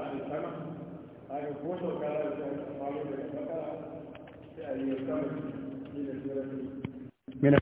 عن السمع عن الكوش وكان الأفعال من السمع في أن يلتمس من السلف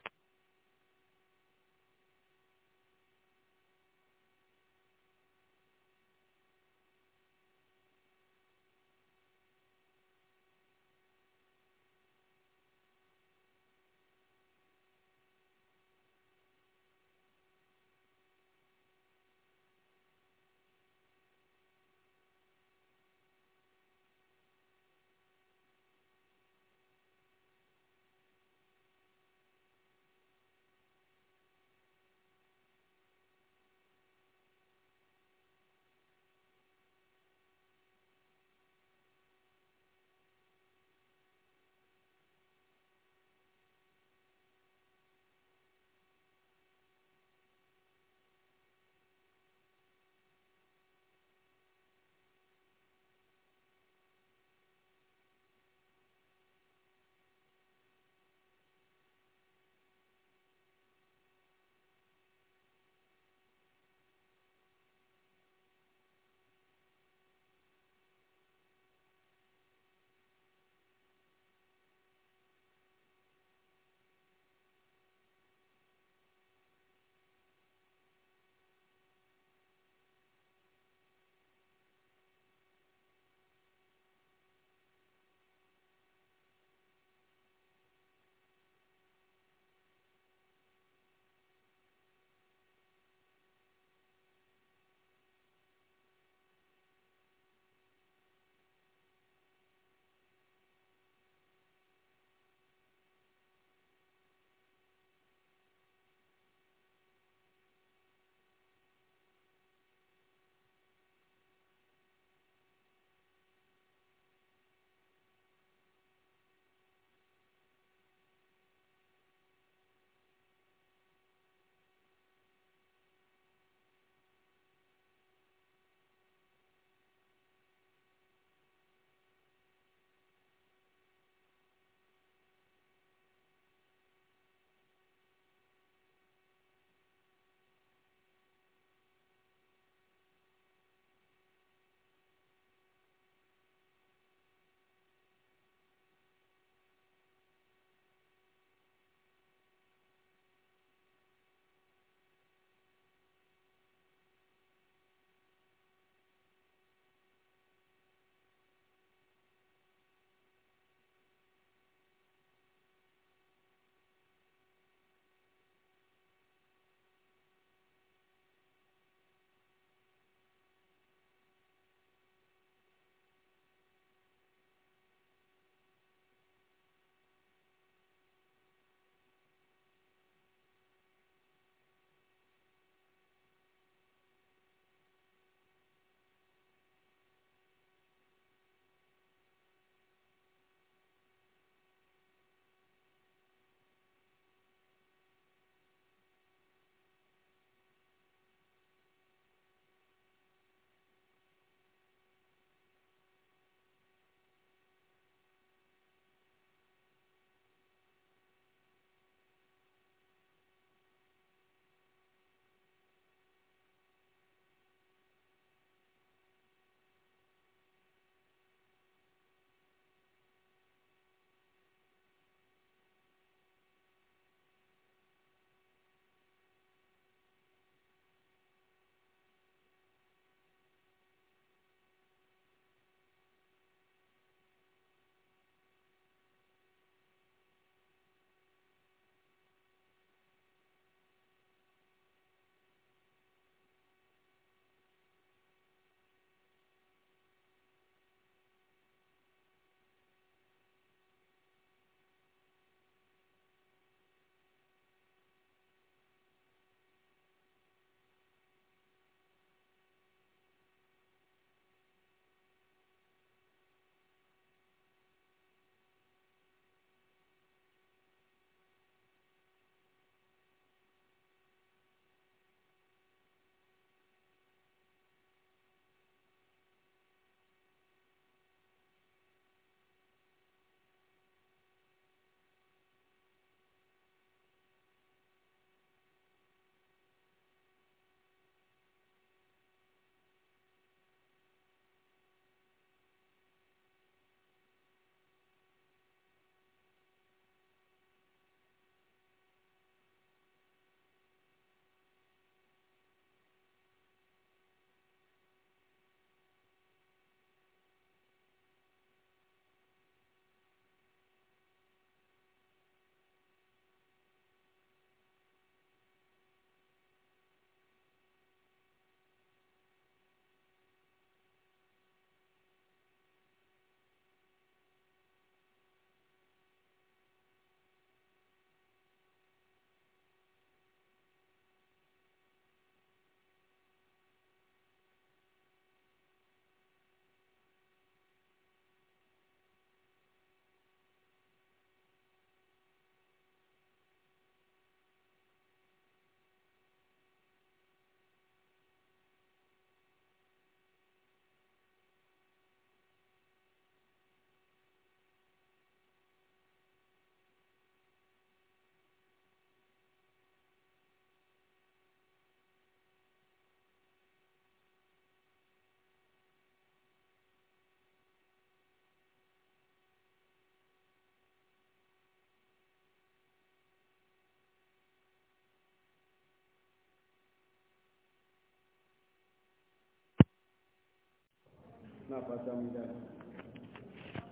na fata mun da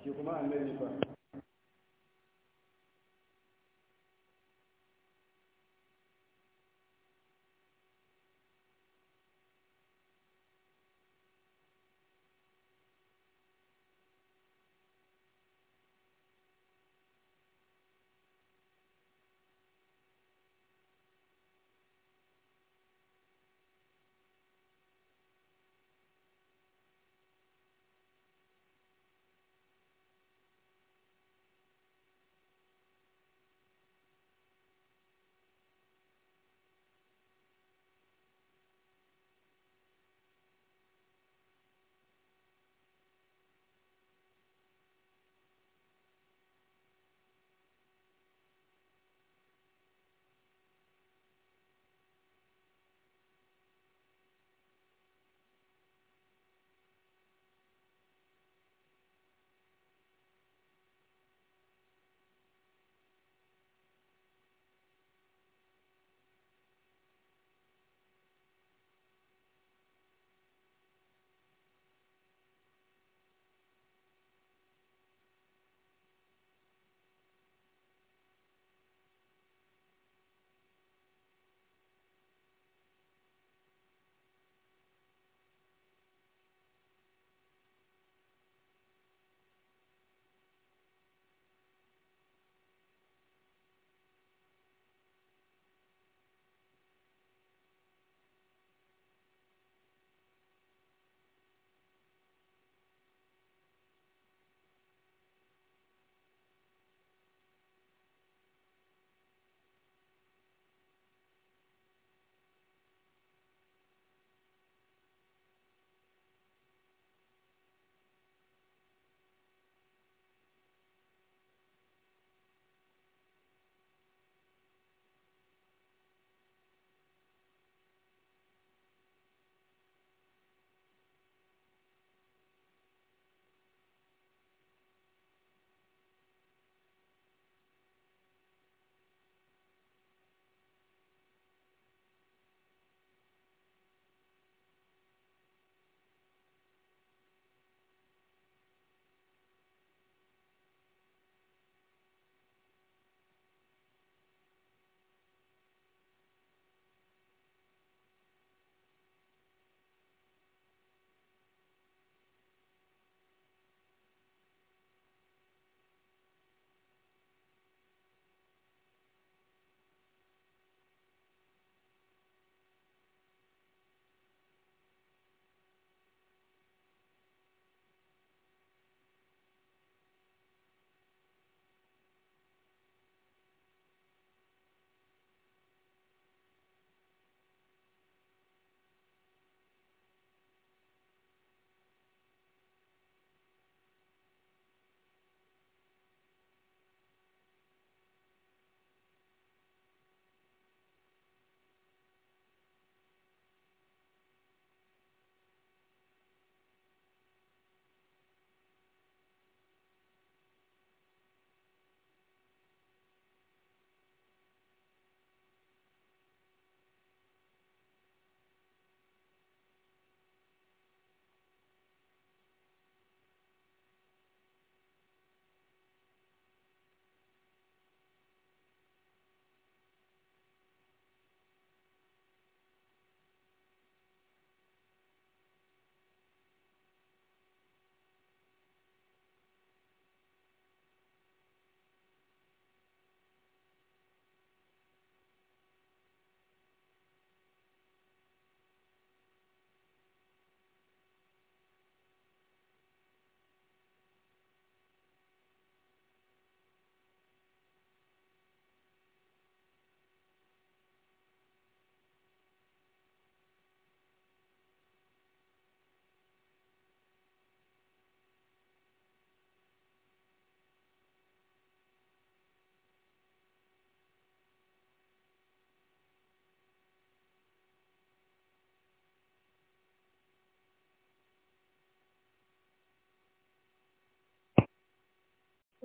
shi kuma annabi fa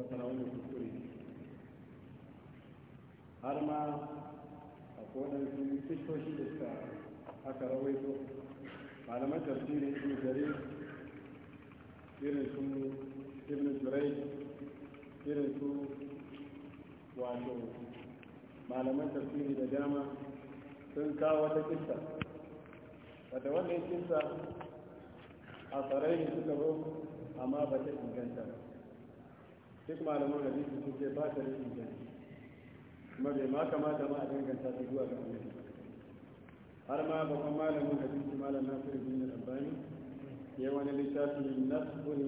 fasara wani kuskure har ma a kodansu fiskoshi da suka aka rawaito malaman tafsirin ibn jarir irin su ibn jurai irin su wato malaman tafsiri da dama sun kawo wata kista wadda wannan kista a tsarai suka zo amma ba ta inganta ba duk malaman hadisi sun ce ba ta da inganci kuma bai ma kamata ma a danganta su zuwa ga annabi har ma babban malamin hadisi malam nasir bin al ya wani littafi nasbul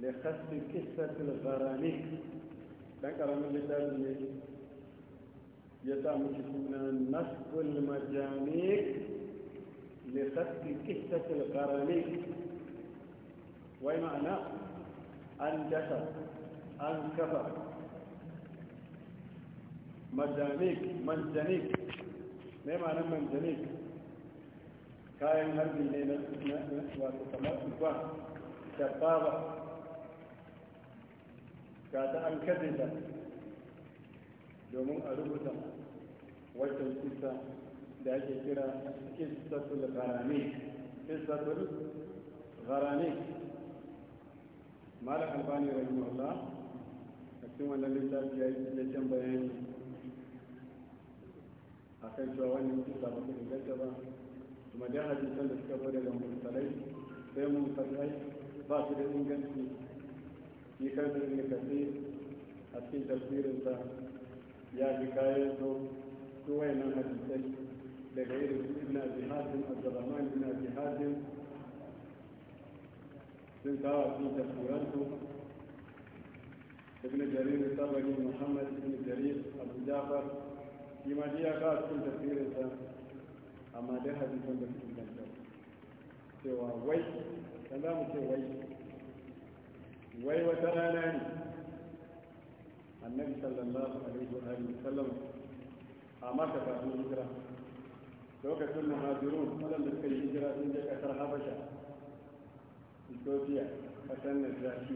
da gharanik dan karamin littafi ne ya sa miki suna nasbul majanik لخط an dasa an kafa majanik manjanik mai ma'anar manjanik kayan harbi ne na wasu kamar uba shabbaba. ga ta an kaɗe domin a rubuta wata kisa da ake kira kisa gharani kistatul gharani malam albani rahimahullah a cikin wannan littafi ya yi cikin bayani a kan cewa wannan kisa ba su inganta ba kuma dai hadisan da suka bude da mursalai sai mun fasai ba su da inganci shi ne ibn kasir a cikin tafsirinsa ya ji kayan so su wayannan hadisai daga irin ibn abi hazim abdurrahman ibn abi hazim sun kawo a cikin tafsiransu ibn jarir sabari muhammad ibn jarir abu jafar shi ma ya kawo a cikin tafsirinsa amma dai hadisan da cikin kanta cewa wai kan za mu ce wai wai wata rana ne annabi sallallahu alaihi wa alihi sallam a maka kafin hijira lokacin muhajirun waɗanda suka yi hijira sun je ƙasar habasha ethiopia kasar najashi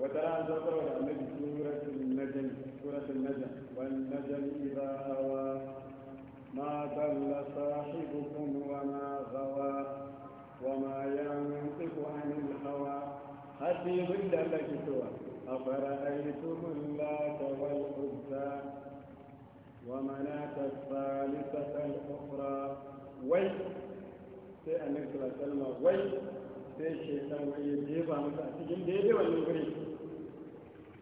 wata ran zaɓar da annabi suratun najami suratun najam wani najami idza hawa ma dalla sahibukum wa ma gawa wa ma yantiqu anil hawa hasibin da Allah ke cewa أفرأيتم اللات والعزى ومناة الثالثة الأخرى ويل sai a nan salama wai sai shaitan wai ya jefa masa a cikin da ya je wannan guri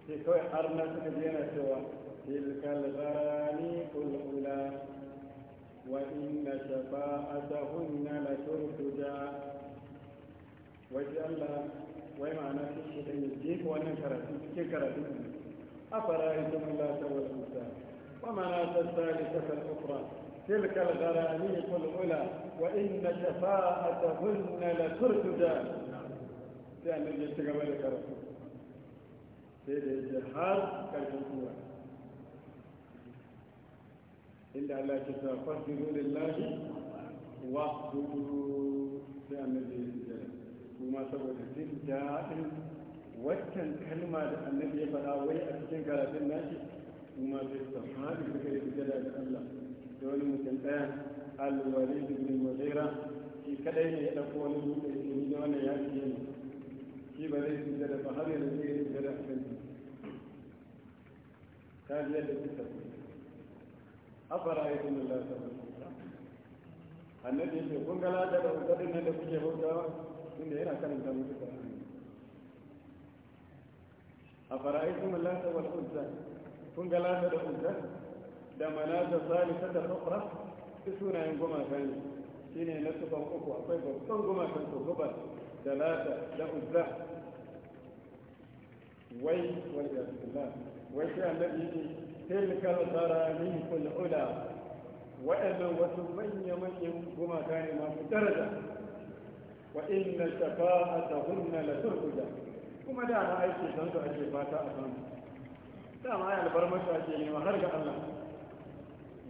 sai kawai har na suka je yana cewa tilka al-ghani ula wa inna shafa'atahunna la turtuja wai Allah wai ma'ana shi shaitan ya jefa wannan karatu cikin karatu la ta أفرأيتم ta والعزى ومناة الثالثة الأخرى تلك الغرانيق العلى وإن شفاءتهن لترتدى لأن يجتك ملك رسول سيد الجهار كان يقوى إلا لا تتفضل لله وقته لأن يجتك وما سوى الدين دائم وكان كلمة النبي فلا وي أكثر كلمة الناس وما في الصحابة كيف يجتك الله دون مكان al-walid ibn mughira shi kadai ne ya dauko wani dutse ya ni da wannan ya fiye ne shi ba zai fita da bahar da zai fita da akan ta biya da kusa afara ya kuma lafiya annabi ya ce kun ga lada da kokarin nan da kuke bautawa inda yana karanta musu qur'ani afara ya kuma lafiya wal uzza kun ga lada da uzza da manata salisa da ukhra su sunayen shi ne shine na sukan uku akwai babban gumakan su hubar da lata da uzza wai wal yasla wai shi sai annabi yake tsara, ni kul ula waɗannan wasu manya manyan gumaka ne masu daraja wa inna shafa'atahunna la turja kuma da na aiki san su ake fata a samu dama ai albarmasa ake nema har ga Allah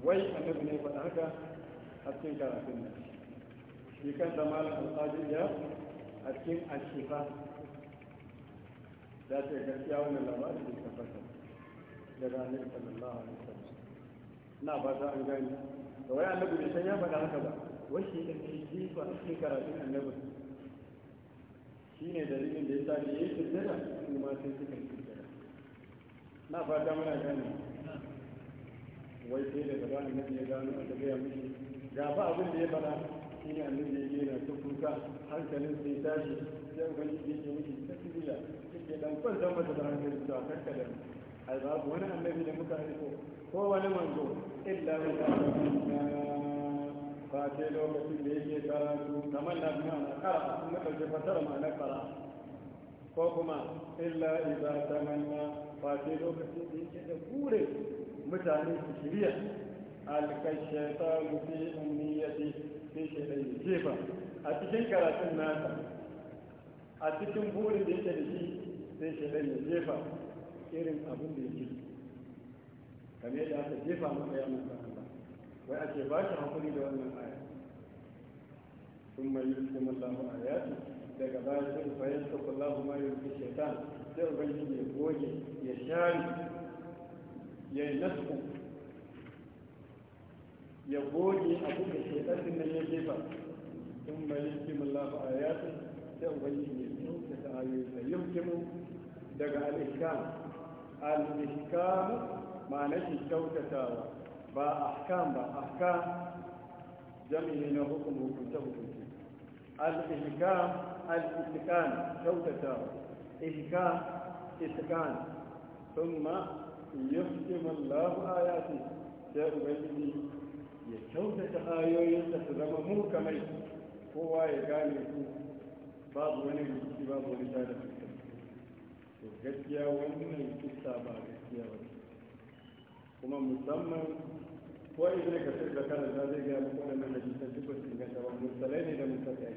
wai annabi ne faɗa haka a cikin karatun nan shi kan da malam alƙadir ya a cikin ashifa da ce gaskiya wani labari da ta tabbata daga annabi sallallahu alaihi wasallam na ba za an gani da wai annabi ne san ya faɗa haka ba wai shi ne ke ko a cikin karatun annabi shi ne dalilin da ya sa da ya yi Su ma sai suka yi sujjada na fata muna gani wai sai daga ba annabi ya gano aka gaya mishi ga ba abin da ya faɗa shi ne annabi ya gina ta kuka hankalin sai tashi sai ubangiji ya ce mishi tasbiya yake dan kwanta mata da hankalin sa kankadan ai babu wani annabi da muka aiko ko wani manzo illa bi na ba sai lokacin da yake karatu kamar na biya na kara kuma ɗauke fasara ma na kara ko kuma illa iza tamanna ba sai lokacin da yake da gure mutane su shirya alkashata rufe umniyati sai shi da jefa a cikin karatun nasa a cikin buri da yake da shi sai shi da jefa irin abin da yake kame da aka jefa maka ya mutu Allah wai ake ba shi hakuri da wannan aya sun mai yi cikin Allah a yaki daga baya sai bayan sakullahu ma yi rufe shaitan sai ubangiji ya goge ya share ya yi nasku ya goge abin da shaidanin nan ya jefa sun mai yankimin lafa a yasa sai ubangiji ya sauke ta ayoyinsa yankimin daga al'ikam al'ikam ma'ana shi kyautatawa ba ahkam ba ahkam jami'i na hukum hukunta hukunta al'ikam al'itikan kyautatawa ihkam itikan sun ma yafkim Allahu ayati sai ubangiji ya kyautata da su zama muhkamai kowa ya gane su babu wani rikici babu wani tada to gaskiya wannan kissa ba gaskiya ba kuma musamman ko ibn kasir da karanta zai ga muku wannan hadisan duk wasu inganta ba mursalai ne da mursalai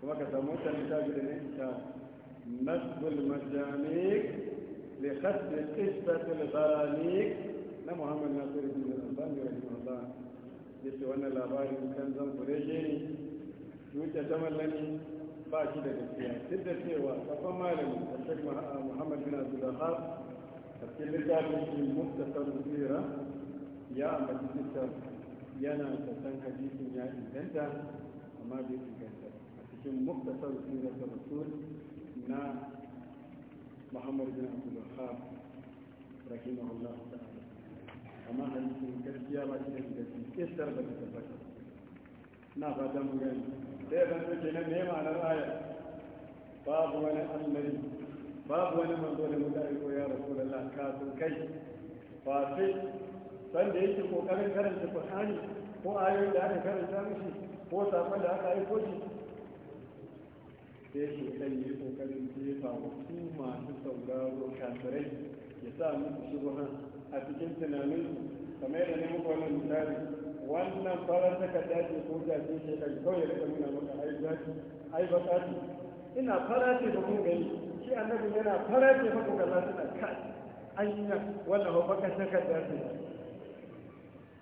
kuma ka samu ta littafi da ne ta nasbul majanik لخفض القشبة الغرانيك na muhammad nasiru bin al-albani rahimahullah yace wannan labarin kan zan kurege ne wuce ta mallani ba shi da gaskiya duk da cewa kafan malami a shek muhammad bin abdullahab a cikin littafin shi muktasar musira ya ambaci yana da san hadisin ya inganta amma bai inganta a cikin muktasar ta na Muhammadu bin abdul wahab rahimahullah ta'ala amma hadisin gaskiya ba shi da gaskiya kisar da ta bata na fata mu gani sai ban zanto ke nan nema na raya babu wani annabi babu wani manzo da mutane ko ya rasulullah kafin kai fa sai san da yake kokarin karanta qur'ani ko ayoyin da aka karanta mishi ko sakon da aka aiko shi sai shekan yi kokarin jefa wa su masu sauraro kafirai ya sa musu shubuha a cikin tunanin kamar yadda ne muku wannan misali wannan farar ka dace ko ce shekan kawai ya rika nuna maka ai zaki ai ina fara ce da mun gani shi annabi yana fara ce maka kaza suna kai anya wannan ba baka da ce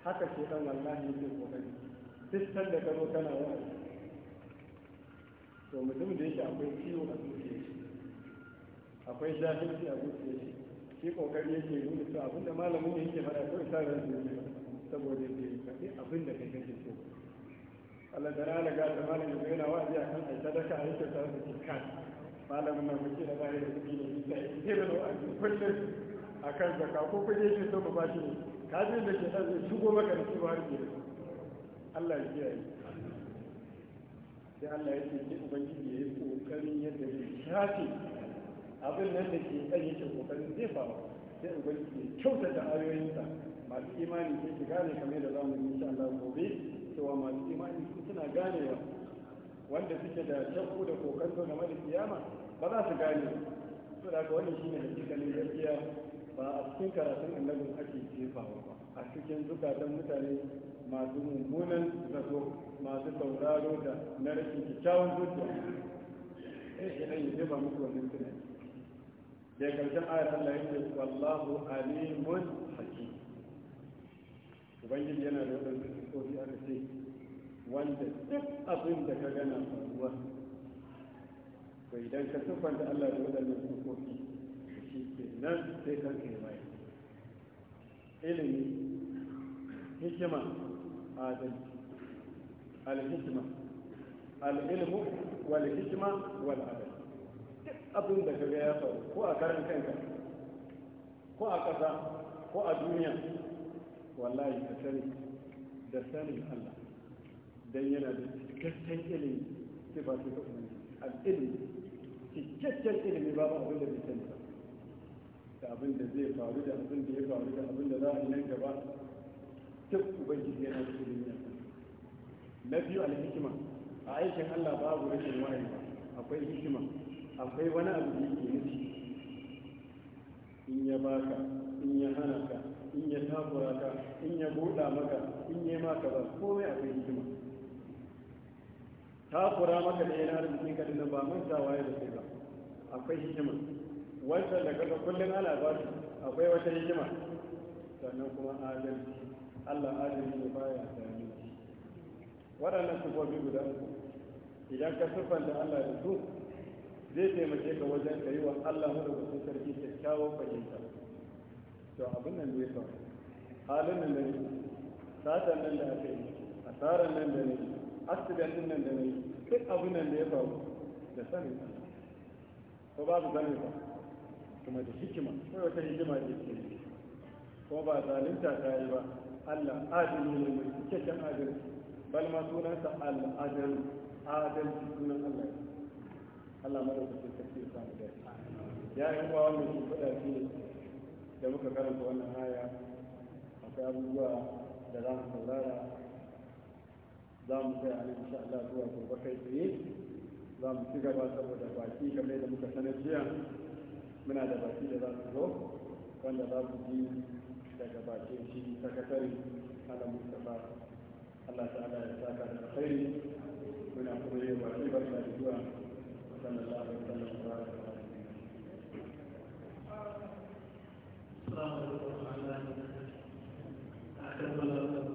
haka shekan wallahi yake kokari duk da ka zo kana wani to mutum da yake akwai ciwo a zuciya akwai jahilci a zuciya shi kokari yake nuna cewa abinda malamin ne yake fara kawai sa ran zuciya saboda yake kafi abinda kai kake so Allah da rana ga da malamin da yana wa'azi akan ai sadaka ai ta tsara cikin malamin nan muke da bayar da kuɗi ne bisa da wa'azi kullum akan zaka ko kuɗi yake so ba shi ne kafin da ke ɗan zai shigo maka da su har ke Allah ya kiyaye sai Allah ya ce ki ubangiji ya yi kokarin yadda zai shafi abin nan da ke kan yake kokarin zai faru sai ubangiji ya kyautata ayoyinsa masu imani sai ki gane kamar da zamu yi insha Allah gobe cewa masu imani su suna ganewa wanda suke da shakku da kokanto game da kiyama ba za su gane su da shi ne da cikin gaskiya ba a cikin karatun annabin ake jefawa ba a cikin zukatan mutane masu mummunan zato masu sauraro da na rashin kyakkyawan zuciya sai eh, shi an yi ba muku wannan tunani da karshen ayar Allah yake wallahu alimun hakim ubangiji yana da wadansu sifofi aka ce wanda duk abin da ka gana faruwa to idan ka siffanta Allah da wadannan kofi. shi ke nan sai kan kai bayan ilimi hikima adalci alhikima al'ilmu wal hikima wal adal duk abin da kaga ya faru ko a karan kanka ko a ƙasa ko a duniya wallahi ka sani da sanin Allah dan yana da cikakken ilimi ba ta ubangiji al'ilmi cikakken ilimi ba babu abin da bai sani ba da abin da zai faru da abin da ya faru da abin da za a yi nan gaba duk ubangiji yana cikin na biyu alhikima a aikin Allah babu rashin wahayi akwai hikima akwai wani abu da yake nufi in ya baka in ya hana ka in ya takura ka in ya buɗa maka in ya maka ba komai akwai hikima takura maka da yana arzikin ka dinnan ba sa waye da sai ba akwai hikima wancan daga kullum ana ba akwai wata hikima sannan kuma adalci Allah adali ne baya zalunci waɗannan sifofi guda uku idan ka da Allah da su zai taimake ka wajen ka yi wa Allah madaukakin sarki kyakkyawan fahimta to abin nan zai faru halin nan da ne satan nan da aka yi asarar nan da ne accident nan da ne duk abin nan da ya faru da sani ko babu zane ba kuma da hikima ko wata hikima ce ko ba zalunta ta yi ba Allah adali ne mai cikakken adalci bal ma sunansa adalci sunan Allah Allah mai da ya yi wannan shi fada shi ne da muka karanta wannan haya akwai abubuwa da za mu saurara za mu kai a insha Allah zuwa gobe kai tsaye za mu ci gaba saboda baki kamar da muka sanar jiya muna da baki da za su zo wanda za su ji daga bakin shi sakatare ala mustafa Allah ta'ala ya saka da alkhairi muna kuma yi wa barka da zuwa sallallahu alaihi wa sallam wa Assalamu alaikum wa rahmatullahi wa barakatuh.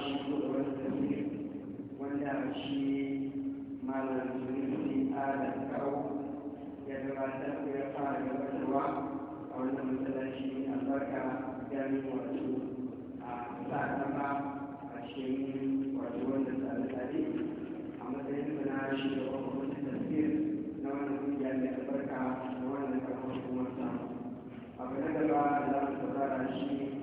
shi shugaban tafiyar wanda shi malar jirgin adam kawo ya gabatar da ya fara gabatarwa a wannan matsalashi albarka gani wato a sa'adama a cikin wato wannan tsare-tsare a matsayin na shi da kwamfutan tafiyar na wannan kungiya mai albarka da wannan karfafin wasa abu na gaba da za mu saurara shi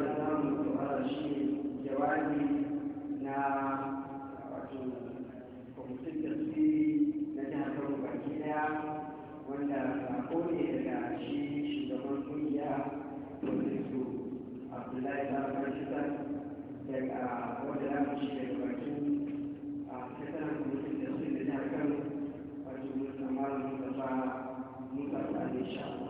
da za mu shi jawabi na wato kwamitin tasiri na jihar kano baki daya wanda sako ne daga shi shugaban kungiya su abdullahi da shidan daga wanda za mu shi daga bakin a tattalin kwamitin tasiri na jihar kano wato musamman musamman musamman insha Allah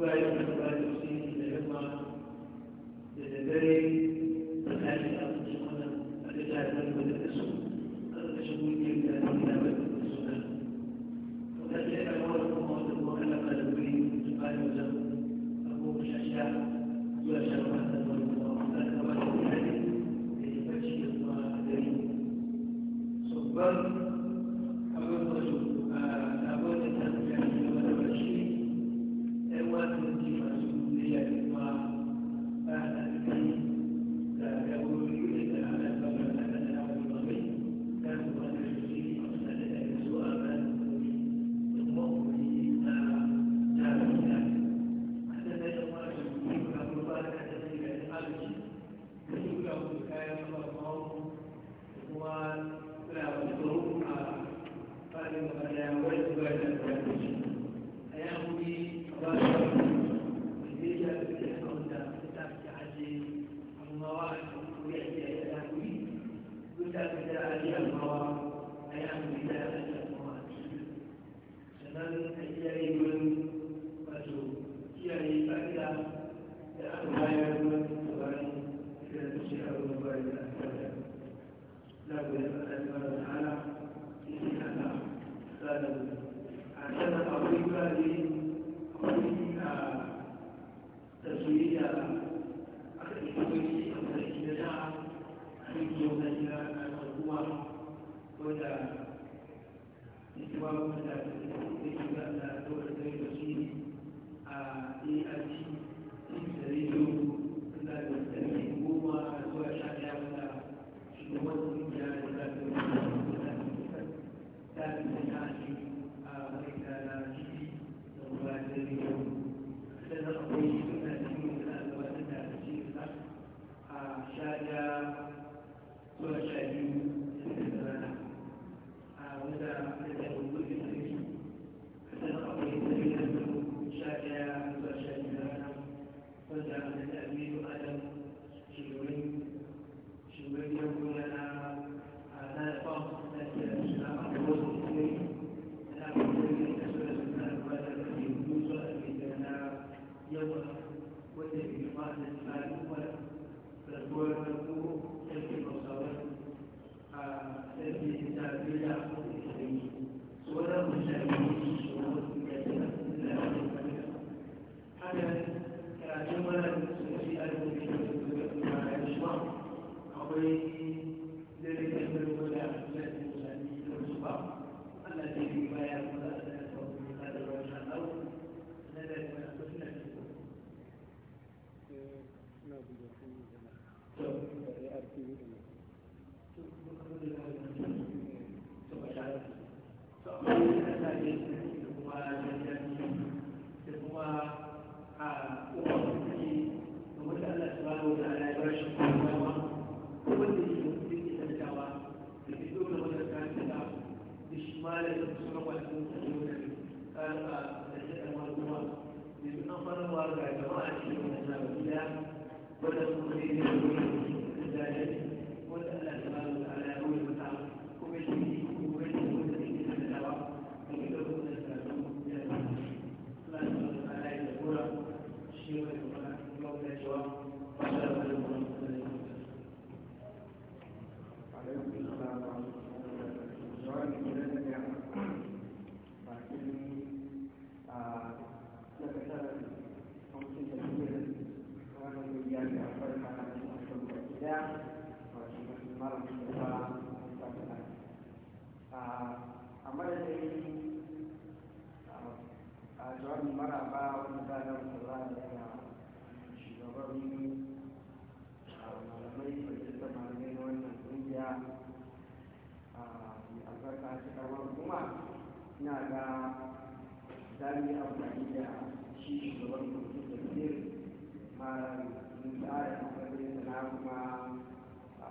bayan da bayan shi da yamma da dare سبحانه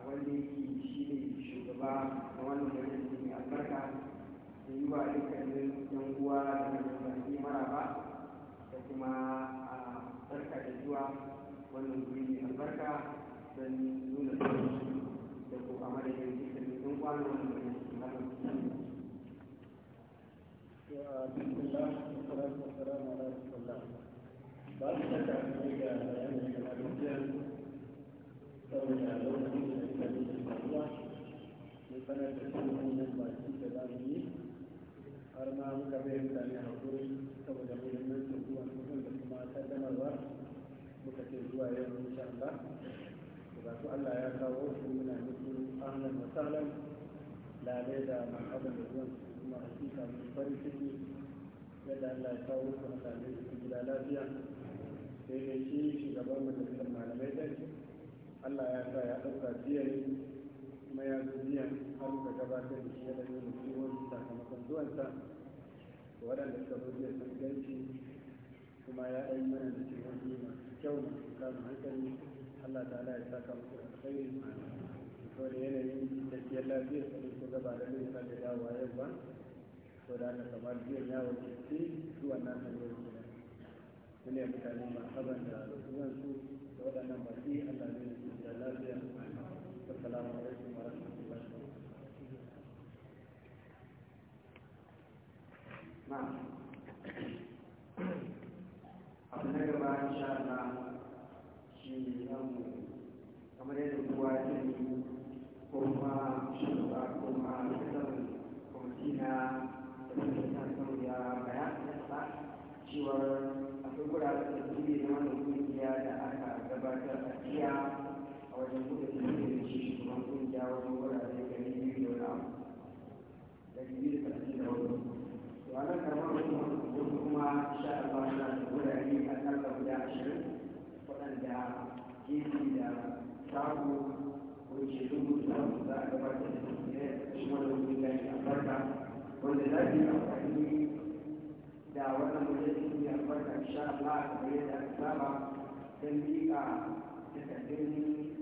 wanda yake shi ne shugaba a wannan majalisa mai albarka da yi wa dukkanin yan uwa da majalisa maraba da kuma a barka da zuwa wannan guri mai albarka don nuna sauransu da ko a madadin dukkanin yan uwa na wannan majalisa maraba. بسم الله والصلاة والسلام على رسول الله. بعد ذلك saboda lokacin da suka yi da faruwa mun sanar da baki da zamani, har ma muka bai mutane saboda muhimmancin zuwa mutum da kuma kaddamarwa muka ce zuwa yau insha Allah da su Allah ya kawo su muna nufin lalai da marhaban da zuwan su Allah ya kawo gida lafiya sai dai shi shugaban Allah ya sa ya ɗauka biyayi kuma ya zo biya har da gabatar da shi ya ɗauki wani sakamakon zuwansa waɗanda suka zo biya sun ganci kuma ya ɗauki mana da cikin masu kyau masu kama hankali Allah ta ala ya sa saka a alkhairi ko da yanayin tafiyar lafiyar sa ne ko gaba da ne sa da dawowa yau ba ko da aka kamar biyan yawon shi zuwa na hanyar kenan. Mune mutane haɓar da zuwan su da waɗannan baki Allah ne lafiya assalamu alaikum wa rahmatullahi wa barakatuh abu na gaba insha Allah shi ne zamu kamar yadda kowa ya sani ko kuma shugaba ko kuma sanin kwamiti na da suke ya bayanin sa akwai guraren da suke na wannan da aka gabatar a jiya wajen buɗe jirgin da shi shugaban kungiya wajen wurare gari biyu da wani da biyu da talatin da hudu to a nan karamar hukumar kuma sha Allah suna da wurare a ƙarƙar guda ashirin waɗanda gefe da sabu ko ce dubu da za a gabatar da su ne shi wani wuri da ke wanda za su yi amfani da wannan wajen jirgin albarka sha Allah kamar yadda aka saba don miƙa takardun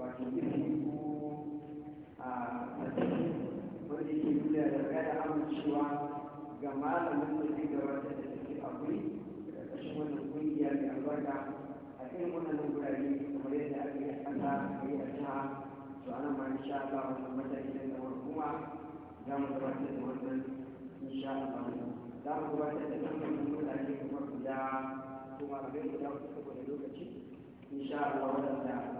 wato ilimi ko a matsayi wanda ke nuna da kada amincewa ga malamin da zai gabatar da take a wuri da ƙarshen wannan ƙungiya mai albarka a irin wannan gurare kamar yadda aka yi a ƙasa a yi a to ana ma insha Allah wannan mataki na gaba kuma za mu gabatar da wannan insha Allah za mu gabatar da wannan mutane kamar guda kuma abin guda saboda lokaci insha Allah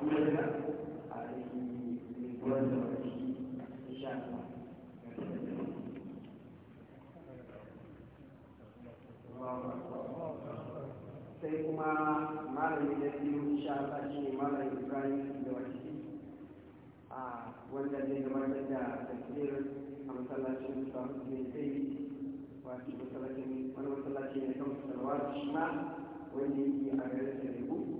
sai kuma malami da biyu sha Allah shi ne malami Ibrahim da wakili a wanda ne gabatar da tafiyar a masallacin Sahus ne sai wato masallacin wani masallaci ne kan Salawar shi ma wanda yake a garin Sadiku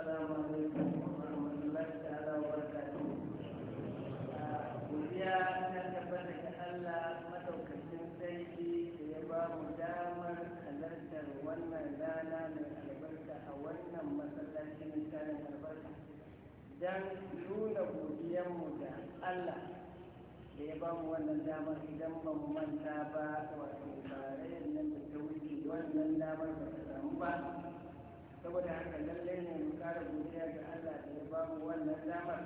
السلام عليكم ورحمة الله تعالى وبركاته godiya ta tabbata Allah madaukakin sarki da ya ba mu damar halartar wannan rana mai albarka a wannan masallacin misalin albarka don nuna godiyanmu da Allah da ya ba mu wannan damar idan ba mu manta ba wato tarayyar nan da ta wuce wannan damar ba ta samu ba saboda haka lallai ne mu kara godiya ga Allah da ya bamu wannan damar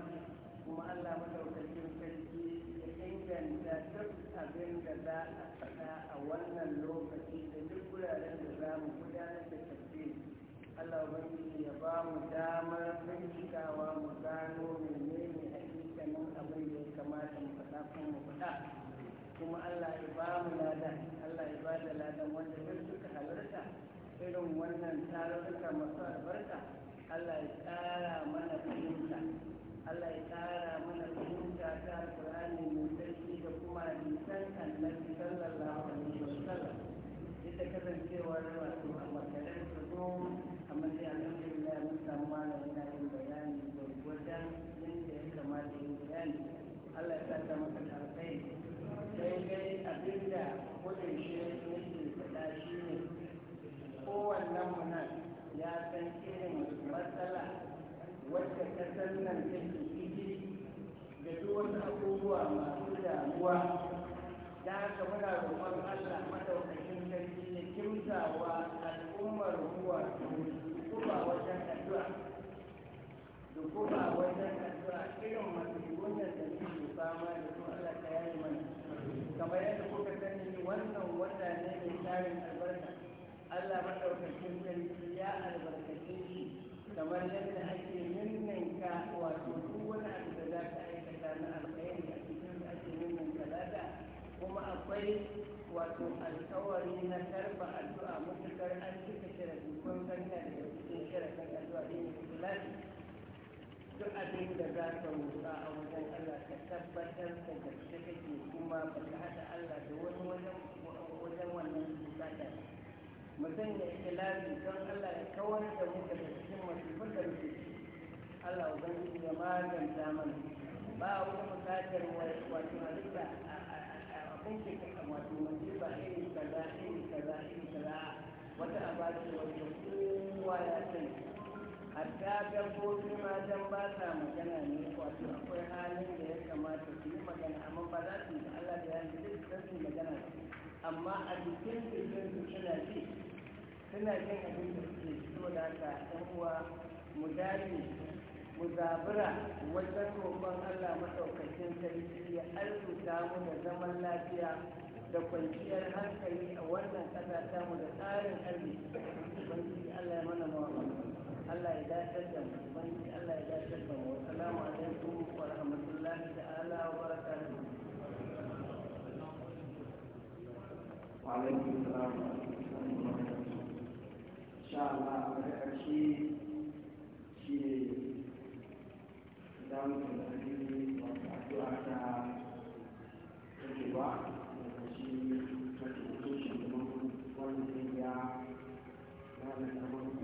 kuma Allah madaukakin sarki ya inganta duk abin da za a faɗa a wannan lokaci da duk wuraren da za mu gudanar da tafsiri Allah ubangiji ya ba mu damar bincikawa mu gano menene hakikanin abin da ya kamata mu faɗa kuma mu faɗa kuma Allah ya ba mu ladan Allah ya ba da ladan wanda duk suka halarta irin wannan tarurruka masu albarka Allah ya tsara mana fahimta Allah ya tsara mana fahimta ta alƙur'ani mai sarki da kuma hadisan annabi sallallahu alaihi wasallam ita kasancewar wato a makarar su zo a matsayin alhamdulillah mun samu malamin na yin bayani da wajen yadda ya kamata yin bayani Allah ya sa ta maka alkhairi sai dai abinda kudin shi kamar yadda kuka sani wannan wata ne mai tarin albarka Allah madaukakin sarki ya albarkace shi kamar yadda ake ninninka wato duk wani abu da za ka aikata na alkhairi a cikin ake ninninka lada kuma akwai wato alkawari na karfa addu'a mutukar an cika shirin kun sanya da cikin shirin addu'a ne musulati duk abin da za ka roƙa a wajen Allah ka tabbatar da gaske kake kuma ba ka haɗa Allah da wani wajen wajen wannan bukatar mutum ya ikilasi don Allah ya kawar da mu daga cikin masifin da muke Allah ubangiji ya maganta mana ba wani bukatar wato halitta a bincika wato masifa iri kaza iri kaza iri kaza wata abaci wacce kowa ya sani hatta dabbobi ma dan ba sa magana ne wato akwai halin da ya kamata su yi magana amma ba za su yi Allah da yanzu duk da su magana amma a bikin jikin su suna ji suna jin abin da suke so da haka ɗan uwa mu dage mu zabura wajen roƙon Allah maɗaukakin sarki ya arzuta mu da zaman lafiya da kwanciyar hankali a wannan ƙasa tamu da tsarin arziki. Allah ya mana mawa Allah ya dakatar da mu ubangiji Allah ya dakatar da mu assalamu alaikum wa rahmatullahi ta'ala wa barakatuh wa alaikum assalam wa insha Allah a shi ne za wa addu'a ta kakewa daga shi kake mutum shi da ya na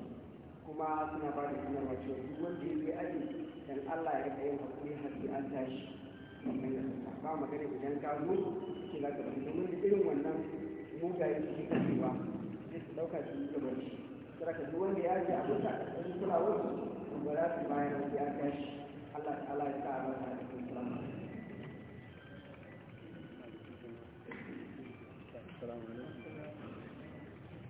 kuma suna ba da sunan cewa duk wanda ya yi aji dan Allah ya rika yin hakuri haƙi an tashi wannan ya sassa ba magana idan ka mu ke da ka bari mun irin wannan mu ga yi shi ka kasewa sai su ɗauka su yi gaban shi ka duk wanda ya yi abin sa a cikin kulawar su ba za su bayar haƙi an tashi Allah ta'ala ya sa ba da cikin kulawar Assalamu alaikum.